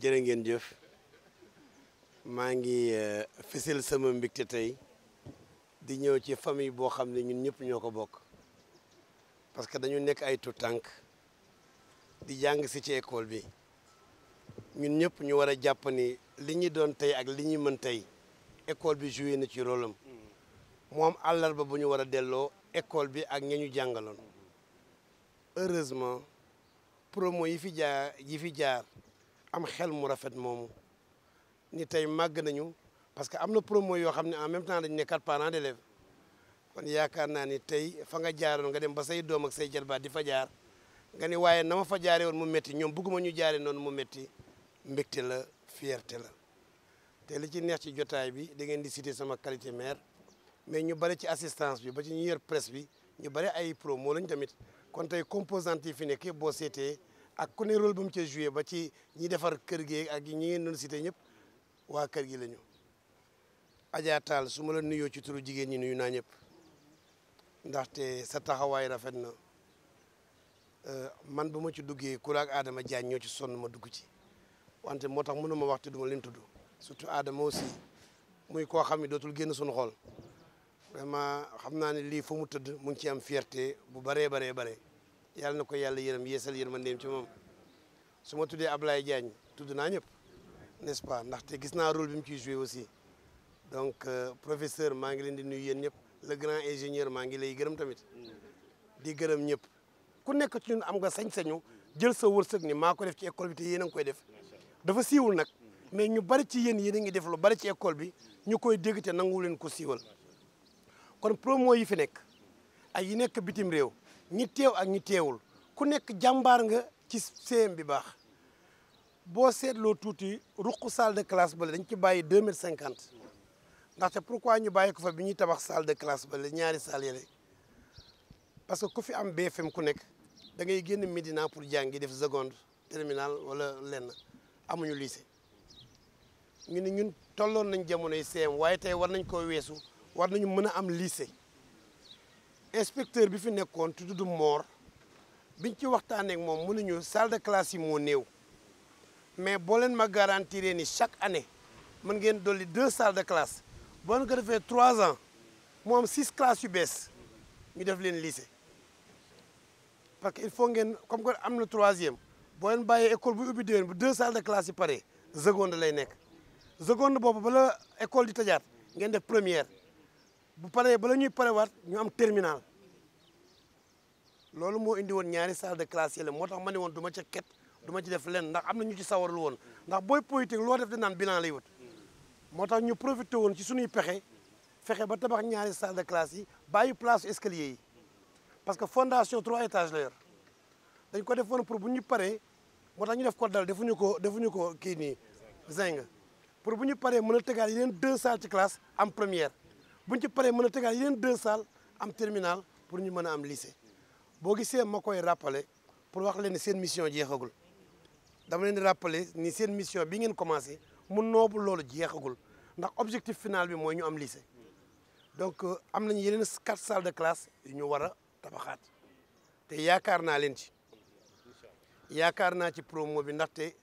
jërë ngeen jëf maa ngi eh, fësal sama mbégte tey di ñëw ci famille boo xam ne ñun ñëpp ñoo ko bokk parce que dañu nekk ay tout tànk di jàng si ci école bi ñun ñëpp ñu war a jàpp ni li ñu doon tey ak li ñu mën tey école bi joué na ci rôle am moom àllarba bu ñu war a delloo école bi ak ña ñu jàngaloon heureusement promo yi fi jaar yi fi jaar am xel mu rafet moomu ni tey màgg nañu parce que am na promo yoo xam ne en même temps dañu ne quatre parents d'élèves kon yaakaar naa ni tey fa nga jaaroon nga dem ba say doom ak say jarbaat di fa jaar nga ni waaye na ma fa jaaree woon mu métti ñoom bëgguma ñu jaare noonu mu métti mbégte la fierté la te li ci neex ci jotaay bi da ngeen di citer sama qualité mère mais ñu bari ci assistance bi ba ci ñu yor presse bi ñu bari ay promo lañ tamit kon tey composante yi fi nekk yëpp boo seetee ak ku ne rôle bu mu cee joué ba ci ñi defar kër gi ak ñi ngeen doon cité ñëpp waa kër gi la ñu. Adja Tall su ma la nuyoo ci turu jigéen ñi nuyu naa ñëpp ndaxte sa taxawaay rafet na euh, man bu ma ci duggee kuraak Adama Diagne ñoo ci sonn ma dugg ci wante moo tax mun mënuma wax te duma leen tudd surtout Adama aussi muy koo xam ne dootul génn suñu xol. vraiment xam naa ne lii fu mu tëdd mu ngi ci am fierté bu baree baree bare yàlla na ko yàlla yërëm yeesal yërmandeem ci moom su ma ab Ablaye Diagne tudd naa ñëpp n'est-ce pas ndaxte gis naa rôle bi mu ci joué aussi donc euh, professeur maa ngi leen di nuyu yéen ñëpp le grand ingénieur maa ngi lay gërëm tamit di gërëm ñëpp ku nekk ci ñun am nga sañ-sañu jël sa wërsëg ni maa ko def ci école bi te yéen a ngi koy def dafa siiwul nag mais ñu bari ci yéen yéen a ngi def lu bari ci école bi ñu koy dégg te leen ko siiwal kon promo yi fi nekk ak yi nekk bitim réew ñi teew ak ñi teewul ku nekk jàmbaar nga ci CM bi baax boo seetloo tuuti ruq salle de classe bale dañ ci bàyyi deux mille cinquante ndaxte pourquoi ñu bàyyi ko fa bi ñuy tabax salle de classe bale ñaari salle yële parce que ku fi am BFM ku nekk da ngay génn Médina pour jàngi def seconde terminale wala lenn amuñu lycée ñu ne ñun tolloon nañ jamonoy CM waaye tey war nañ koo weesu war nañu mën a am lycée inspecteur bi fi nekkoon tudd moor biñ ci waxtaanee ak moom mu ne salle de classe yi moo néew mais boo leen ma garantiree ni chaque année mën ngeen dolli deux salles de classe boo leen ko defee trois ans mu am six classes yu bees ñu def leen lycée parce que il faut ngeen comme que am na troisième boo leen bàyyee école bu ubbi déwén bu deux salles de classe yi pare seconde lay nekk seconde boobu bala école di tëjaat ngeen def première. bu paree bala ñuy parewaat ñu am terminal loolu moo indiwoon ñaari salle de classe yi la moo tax ma ne woon du ma ca ket duma ci def lenn ndax am na ñu ci sawarlu woon ndax booy politique loo def di naan bilan lay wut moo tax ñu profité woon ci suñuy pexe fexe ba tabax ñaari salle de classe yi bàyyi place escalier yi parce que fondation trois étages la yor dañ ko def woon pour bu ñu paree moo tax ñu def ko dal defuñu ko defuñu ko kii nii zinc pour bu ñu paree mën a tegaat yeneen deux salles ci classe am première buñ ci paree mën a tegaat yeneen deux salles am terminal pour ñu mën a am lycée boo gisee ma koy rappelé pour wax leen ni seen mission jeexagul dama leen di rappelé ni seen mission bi ngeen commencé mu noobu loolu jeexagul ndax objectif final bi mooy ñu am lycée donc euh, am nañu yeneen quatre salles de classe yu ñu war a tabaxaat te yaakaar naa leen ci yaakaar naa ci promo bi ndaxte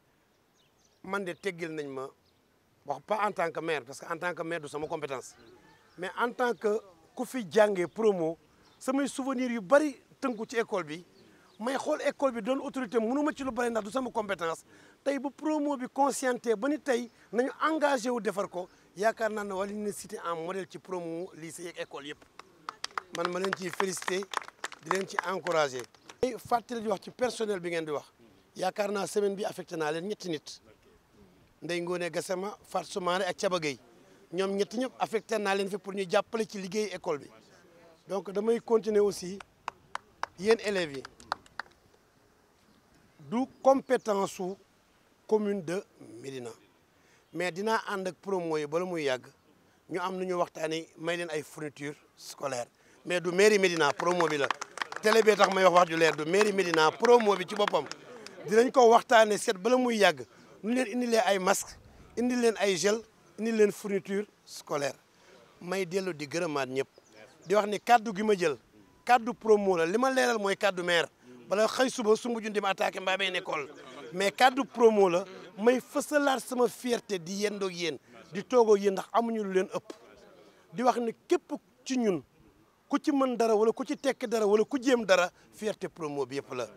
man de teggil nañ ma wax pas en tant que maire parce que en tant que maire du sama compétence mais en tant que ku fi jàngee promo samay souvenirs yu bari ko ci école bi may xool école bi doon autorité mënuma ci lu bari ndax du sama compétence tey ba promo bi conscienté ba ni tey nañu engagé wu defar ko yaakaar naa ne wala ñu cité en modèle ci promo lycée yeeg école yëpp man ma leen ciy félicité di leen ci encouragé. tey fàttali di wax ci personnel bi ngeen di wax yaakaar semaine bi affecté naa ñetti nit Ndeye Ngone Gassama Fatou Soumaré ak Thiaba Gueye ñoom ñett ñëpp affecté naa leen fi pour ñu jàppale ci liggéey école bi donc damay continuer aussi yéen élèves yi du compétence su commune de Médina mais dina ànd ak promo yi bala muy yàgg ñu am nu ñu waxtaanee may leen ay fourniture scolaire mais du mairie Médina promo bi la télé bee tax may wax wax ju leer du mairie Médina promo bi ci boppam dinañ ko waxtaanee seet bala muy yàgg nu leen indi leen ay masque indi leen ay gel ni leen fourniture scolaire may dellu di gërëmaat ñëpp di wax ni kàddu gi ma jël kàddu promo la li ma leeral mooy kaddu maire bala xëy suba su mujj di ma attaqué mbaa bay mais kàddu promo la may fësalaat sama fierté di yendoo ak yéen di toogoo yéen ndax amuñu lu leen ëpp di wax ni képp ci ñun ku ci mën dara wala ku ci tekk dara wala ku jéem dara fierté promo bi yëpp la.